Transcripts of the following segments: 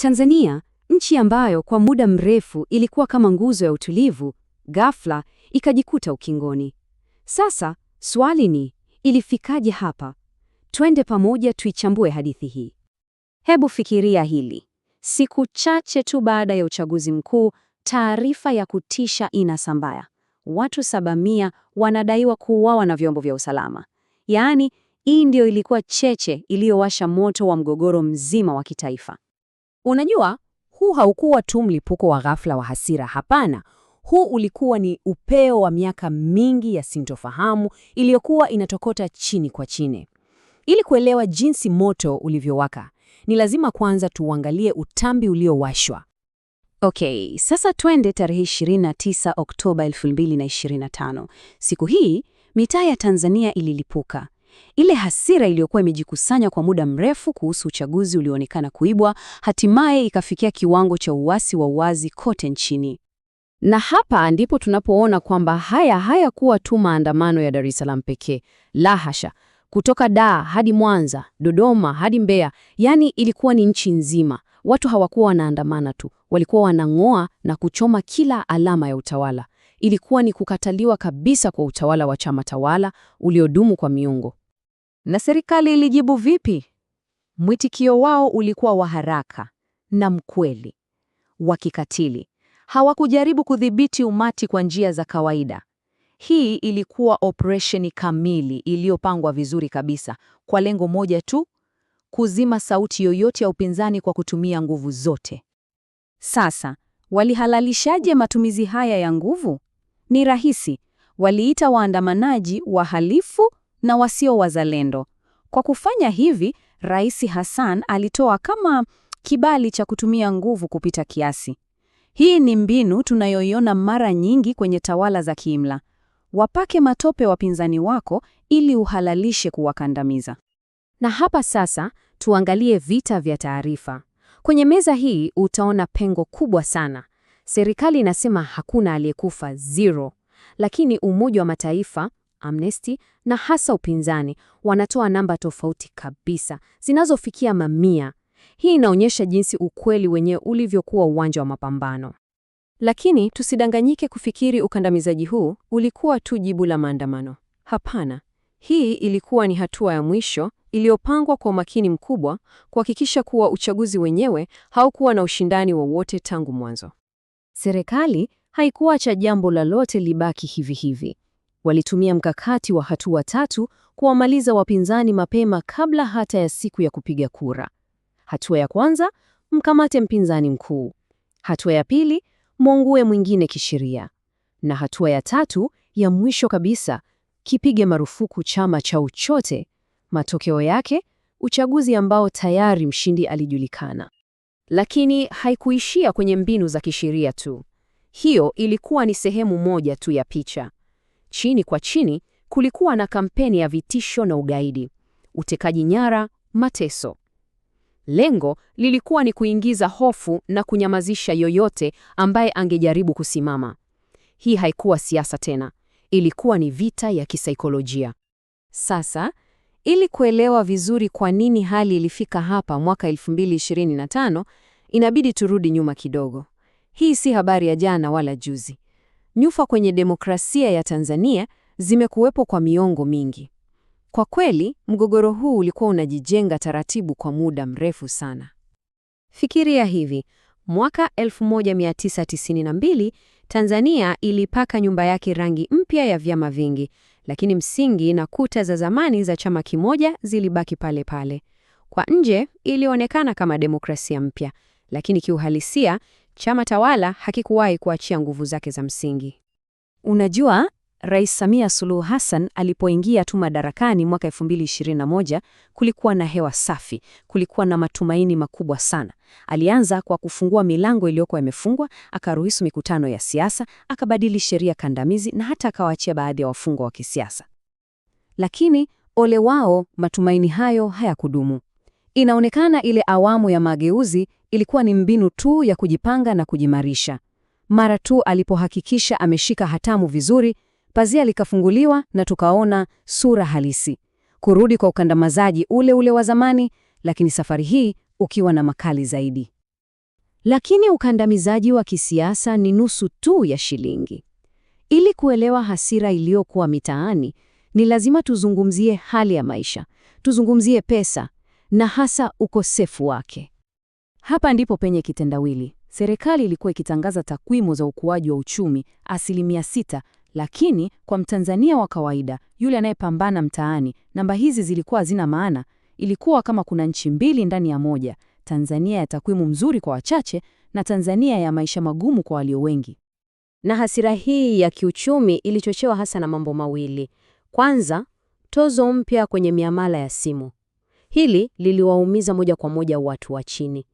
Tanzania, nchi ambayo kwa muda mrefu ilikuwa kama nguzo ya utulivu, ghafla ikajikuta ukingoni. Sasa swali ni ilifikaje hapa? Twende pamoja tuichambue hadithi hii. Hebu fikiria hili. Siku chache tu baada ya uchaguzi mkuu, taarifa ya kutisha inasambaa. Watu saba mia wanadaiwa kuuawa na vyombo vya usalama. Yaani, hii ndio ilikuwa cheche iliyowasha moto wa mgogoro mzima wa kitaifa. Unajua, huu haukuwa tu mlipuko wa ghafla wa hasira. Hapana, huu ulikuwa ni upeo wa miaka mingi ya sintofahamu iliyokuwa inatokota chini kwa chini. Ili kuelewa jinsi moto ulivyowaka, ni lazima kwanza tuangalie utambi uliowashwa. Okay, sasa twende tarehe 29 Oktoba 2025. Siku hii mitaa ya Tanzania ililipuka. Ile hasira iliyokuwa imejikusanya kwa muda mrefu kuhusu uchaguzi ulioonekana kuibwa, hatimaye ikafikia kiwango cha uasi wa uwazi kote nchini. Na hapa ndipo tunapoona kwamba haya hayakuwa tu maandamano ya Dar es Salaam pekee, la hasha. Kutoka Dar hadi Mwanza, Dodoma hadi Mbeya, yani ilikuwa ni nchi nzima. Watu hawakuwa wanaandamana tu, walikuwa wanang'oa na kuchoma kila alama ya utawala. Ilikuwa ni kukataliwa kabisa kwa utawala wa chama tawala uliodumu kwa miongo. Na serikali ilijibu vipi? Mwitikio wao ulikuwa wa haraka na mkweli, wa kikatili. Hawakujaribu kudhibiti umati kwa njia za kawaida. Hii ilikuwa operesheni kamili iliyopangwa vizuri kabisa kwa lengo moja tu, kuzima sauti yoyote ya upinzani kwa kutumia nguvu zote. Sasa, walihalalishaje matumizi haya ya nguvu? Ni rahisi. Waliita waandamanaji wahalifu na wasio wazalendo. Kwa kufanya hivi, Rais Hassan alitoa kama kibali cha kutumia nguvu kupita kiasi. Hii ni mbinu tunayoiona mara nyingi kwenye tawala za kiimla. Wapake matope wapinzani wako ili uhalalishe kuwakandamiza. Na hapa sasa tuangalie vita vya taarifa. Kwenye meza hii utaona pengo kubwa sana. Serikali inasema hakuna aliyekufa zero, lakini Umoja wa Mataifa Amnesty na hasa upinzani wanatoa namba tofauti kabisa zinazofikia mamia. Hii inaonyesha jinsi ukweli wenyewe ulivyokuwa uwanja wa mapambano. Lakini tusidanganyike kufikiri ukandamizaji huu ulikuwa tu jibu la maandamano. Hapana, hii ilikuwa ni hatua ya mwisho iliyopangwa kwa umakini mkubwa kuhakikisha kuwa uchaguzi wenyewe haukuwa na ushindani wowote tangu mwanzo. Serikali haikuacha jambo lolote libaki hivi hivi. Walitumia mkakati wa hatua tatu kuwamaliza wapinzani mapema kabla hata ya siku ya kupiga kura. Hatua ya kwanza, mkamate mpinzani mkuu. Hatua ya pili, mwongue mwingine kisheria, na hatua ya tatu ya mwisho kabisa, kipige marufuku chama cha uchote. Matokeo yake, uchaguzi ambao tayari mshindi alijulikana. Lakini haikuishia kwenye mbinu za kisheria tu. Hiyo ilikuwa ni sehemu moja tu ya picha. Chini kwa chini kulikuwa na kampeni ya vitisho na ugaidi, utekaji nyara, mateso. Lengo lilikuwa ni kuingiza hofu na kunyamazisha yoyote ambaye angejaribu kusimama. Hii haikuwa siasa tena, ilikuwa ni vita ya kisaikolojia. Sasa, ili kuelewa vizuri kwa nini hali ilifika hapa mwaka 2025, inabidi turudi nyuma kidogo. Hii si habari ya jana wala juzi nyufa kwenye demokrasia ya Tanzania zimekuwepo kwa miongo mingi. Kwa kweli, mgogoro huu ulikuwa unajijenga taratibu kwa muda mrefu sana. Fikiria hivi, mwaka 1992 Tanzania ilipaka nyumba yake rangi mpya ya vyama vingi, lakini msingi na kuta za zamani za chama kimoja zilibaki pale pale. Kwa nje ilionekana kama demokrasia mpya, lakini kiuhalisia chama tawala hakikuwahi kuachia nguvu zake za msingi. Unajua, Rais Samia Suluhu Hassan alipoingia tu madarakani mwaka 2021, kulikuwa na hewa safi, kulikuwa na matumaini makubwa sana. Alianza kwa kufungua milango iliyokuwa imefungwa, akaruhusu mikutano ya siasa, akabadili sheria kandamizi na hata akawaachia baadhi ya wafungwa wa kisiasa. Lakini ole wao, matumaini hayo hayakudumu. Inaonekana ile awamu ya mageuzi ilikuwa ni mbinu tu ya kujipanga na kujimarisha. Mara tu alipohakikisha ameshika hatamu vizuri, pazia likafunguliwa na tukaona sura halisi, kurudi kwa ukandamizaji ule ule wa zamani, lakini safari hii ukiwa na makali zaidi. Lakini ukandamizaji wa kisiasa ni nusu tu ya shilingi. Ili kuelewa hasira iliyokuwa mitaani, ni lazima tuzungumzie hali ya maisha, tuzungumzie pesa, na hasa ukosefu wake. Hapa ndipo penye kitendawili. Serikali ilikuwa ikitangaza takwimu za ukuaji wa uchumi asilimia sita, lakini kwa Mtanzania wa kawaida, yule anayepambana mtaani, namba hizi zilikuwa hazina maana. Ilikuwa kama kuna nchi mbili ndani ya moja, Tanzania ya takwimu mzuri kwa wachache na Tanzania ya maisha magumu kwa walio wengi. Na hasira hii ya kiuchumi ilichochewa hasa na mambo mawili. Kwanza, tozo mpya kwenye miamala ya simu. Hili liliwaumiza moja kwa moja watu wa chini.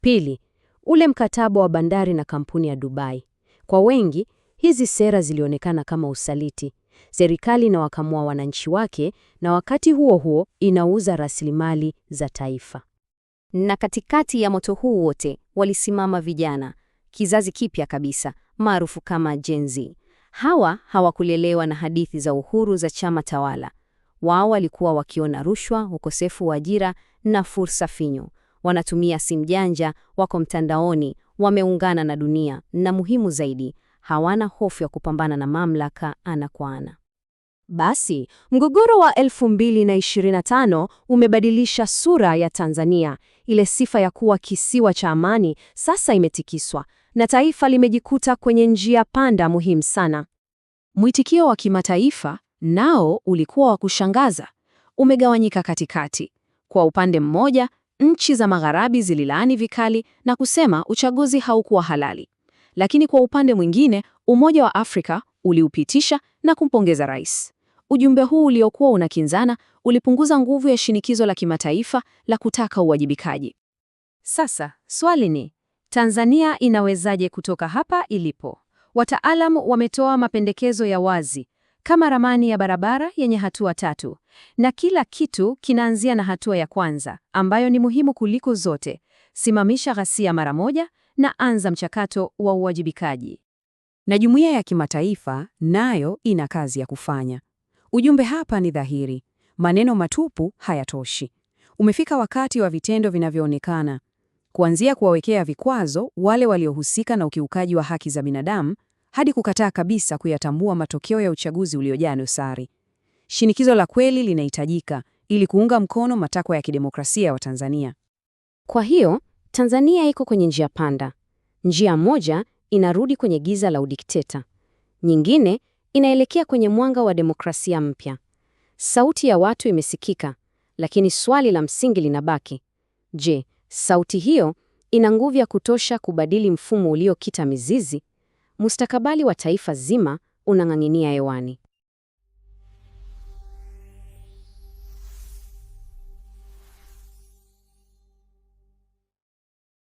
Pili, ule mkataba wa bandari na kampuni ya Dubai. Kwa wengi, hizi sera zilionekana kama usaliti. Serikali inawakamua wananchi wake na wakati huo huo inauza rasilimali za taifa. Na katikati ya moto huu wote walisimama vijana, kizazi kipya kabisa, maarufu kama Gen Z. Hawa hawakulelewa na hadithi za uhuru za chama tawala. Wao walikuwa wakiona rushwa, ukosefu wa ajira na fursa finyu. Wanatumia simu janja, wako mtandaoni, wameungana na dunia, na muhimu zaidi, hawana hofu ya kupambana na mamlaka ana kwa ana. Basi, mgogoro wa 2025 umebadilisha sura ya Tanzania. Ile sifa ya kuwa kisiwa cha amani sasa imetikiswa, na taifa limejikuta kwenye njia panda muhimu sana. Mwitikio wa kimataifa nao ulikuwa wa kushangaza, umegawanyika katikati. Kwa upande mmoja, nchi za Magharibi zililaani vikali na kusema uchaguzi haukuwa halali, lakini kwa upande mwingine, Umoja wa Afrika uliupitisha na kumpongeza rais. Ujumbe huu uliokuwa unakinzana ulipunguza nguvu ya shinikizo la kimataifa la kutaka uwajibikaji. Sasa swali ni Tanzania inawezaje kutoka hapa ilipo? Wataalamu wametoa mapendekezo ya wazi kama ramani ya barabara yenye hatua tatu, na kila kitu kinaanzia na hatua ya kwanza ambayo ni muhimu kuliko zote: simamisha ghasia mara moja na anza mchakato wa uwajibikaji. Na jumuiya ya kimataifa nayo ina kazi ya kufanya. Ujumbe hapa ni dhahiri, maneno matupu hayatoshi. Umefika wakati wa vitendo vinavyoonekana, kuanzia kuwawekea vikwazo wale waliohusika na ukiukaji wa haki za binadamu hadi kukataa kabisa kuyatambua matokeo ya uchaguzi uliojaa dosari. Shinikizo la kweli linahitajika ili kuunga mkono matakwa ya kidemokrasia ya wa Watanzania. Kwa hiyo, Tanzania iko kwenye njia panda. Njia moja inarudi kwenye giza la udikteta, nyingine inaelekea kwenye mwanga wa demokrasia mpya. Sauti ya watu imesikika, lakini swali la msingi linabaki. Je, sauti hiyo ina nguvu ya kutosha kubadili mfumo uliokita mizizi? mustakabali wa taifa zima unang'ang'inia hewani.